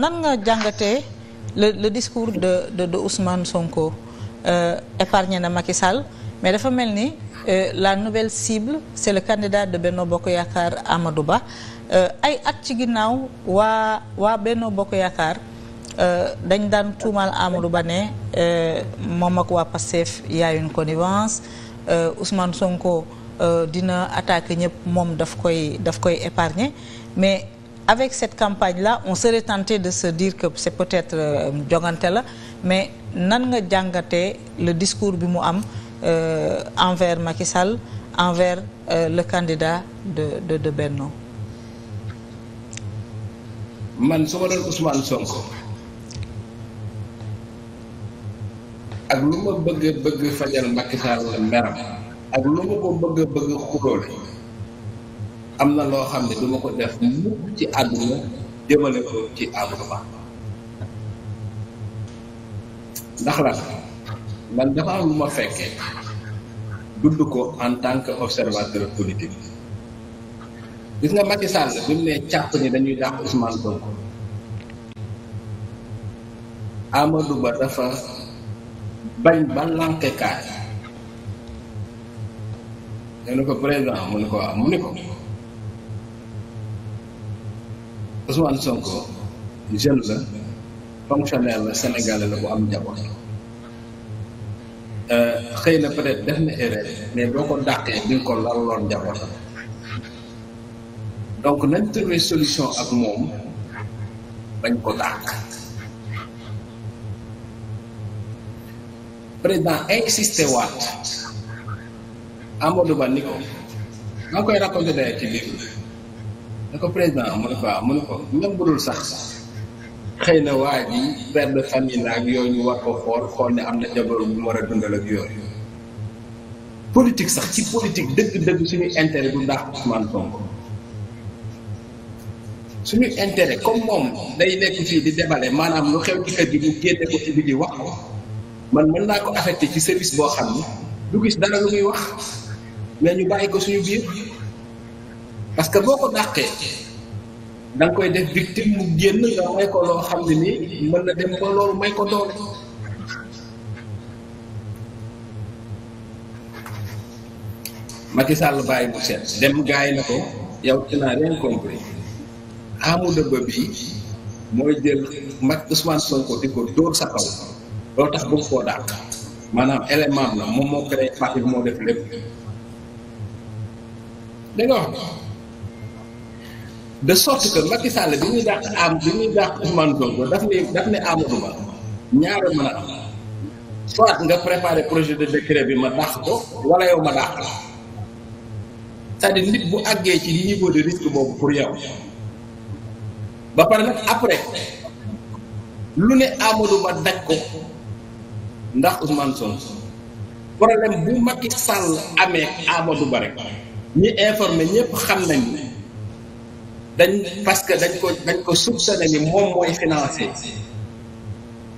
nan nga jàngate le le discours de de de Sonko euh, épargné na Macky Sall mais dafa mel ni euh, la nouvelle cible c'est le candidat de Benno Bokk Yaakaar Amadou Ba euh, ay at ci ginnaaw waa waa Benno Bokk Yaakaar euh, dañ daan tuumaal Amadou Ba ne moom ak waa Pastef y a une connivence Ousmane Sonko dina attaque ñëpp moom daf koy daf koy épargner mais. avec cette campagne-là on serait tenté de se dire que c'est peut-être euh, jongante la mais nan nga jàngate le discours bi mu am euh, envers Macky Sall envers euh, le candidat de de de Benno man su ma doon Ousmane Sonko ak lu ma bëgg bëgg fajal Macky meram ak lu ma ko bëgg bëgg xuloole am na loo xam ne duma ko def mukk ci àdduna jëmale ko ci Amadou Ba ndax la man dafa am lu fekkee dudd ko en tant que observateur politique gis nga Macky Sall bi mu càpp ni dañuy dàq Ousmane Sonko Amadou Ba dafa bañ ba lànqekaay ne ko président mu ne ko waaw mu ne ko Ousmane Sonko jeune la fonctionnaire la Sénégalais la bu am njaboot euh, xëy na peut-être def na erreur mais boo ko dàqee di nga ko laloon njaboot donc nañ trouver solution ak moom dañ ko dàq président insisté waat Amadou Ba ni ko maa koy raconté d'ailleurs ci livre ne ko président mu ne ko waaw mu ne ko même bu dul sax xëy na waa ji père de famille la ak yooyu ñu war ko xool xool ne am na jabaru bu war a dundal ak yooyu politique sax ci politique dëgg-dëgg suñu intérêt du ndax Ousmane Sonko suñu intérêt comme moom day nekk fii di débale maanaam lu xew ci kër gi mu génne ko ci bi wax ko man mën naa ko affecté ci service boo xam ne du gis dara lu muy wax mais ñu bàyyi ko suñu biir parce que boo ko dàqee da koy def victime mu génn nga may ko loo xam ne nii mën na dem ba loolu may ko doole Macky Sall bàyyi bu set dem gars yi na ko yow tu naa rien compris Amadou Ba bii mooy jël Macky Ousmane Sonko di ko dóor sa kaw loo tax bëgg koo dàq maanaam élément la moom moo créé parti bi moo def lépp dégg de sorte que Macky Sall bi ñuy dàq am bi ñuy dàq Ousmane Sonko daf ne daf ne Amadou Ba mën a am soit nga préparer projet de décret bi ma dàq ko wala yow ma dàq la cest à nit bu àggee ci niveau de risque boobu pour yow ba pare nag après lu ne Amadou Ba daj ko ndax Ousmane Sonko problème bu Macky Sall amee Amadou Ba rek ñi informé ñëpp xam nañ dañ parce que dañ ko dañ ko soupçonné ni moom mooy financé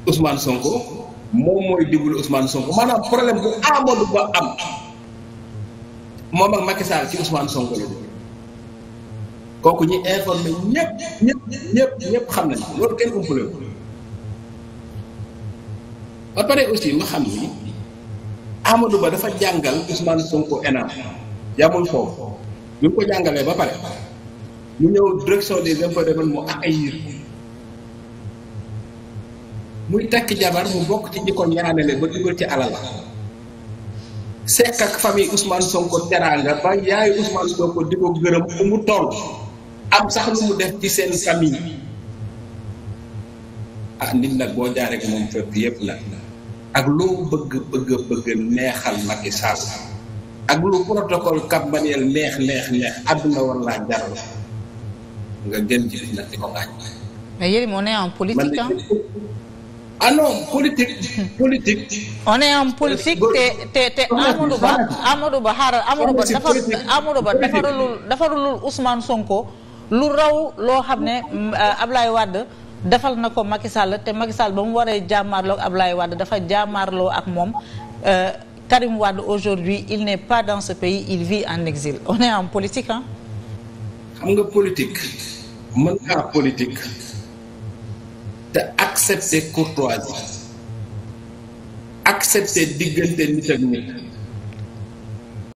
Ousmane Sonko moom mooy déglu Ousmane Sonko maanaam problème bu Amadou Ba am moom ak Macky Sall ci Ousmane Sonko la kooku ñu informé ñëpp ñëpp ñëpp ñëpp xam nañ loolu kenn umpale ko ba pare aussi ma xam ni Amadou Ba dafa jàngal Ousmane Sonko énaam yamul foofu bi mu ko jàngalee ba pare. mu ñëw direction des impôts domaines mu accueillir muy takk jabar mu bokk ci ñi ko ñaanale ba dugal ci alal sekk ak famille Ousmane Sonko teraanga ba yaayu Ousmane Sonko di ko gërëm fu mu toll am sax lu mu def ci seen famille ah nit nag boo jaaree ak moom fépp yépp la ak loo bëgg bëgg bëgg neexal Macky Sall ak lu protocole Cap Manuel neex neex neex àdduna war laa jaral nga gën ci mais Yérim ah on est en politique hein? ah non politique. te te te Ba Amadou Ba xaaral Amadou Ba defar Amadou Ba Sonko lu raw loo xam ne ab euh, Ablaye Wade defal na ko Macky Sall te Macky Sall ba mu waree jàmmaarloo ak Ablaye Wade dafa jàmmaarloo ak moom. Euh, Karim Wade aujourd'hui il n'est pas dans ce pays il vit en exil on est en politique xam nga politique. mën naa politique te accepter courtoisie accepter diggante nit ak nit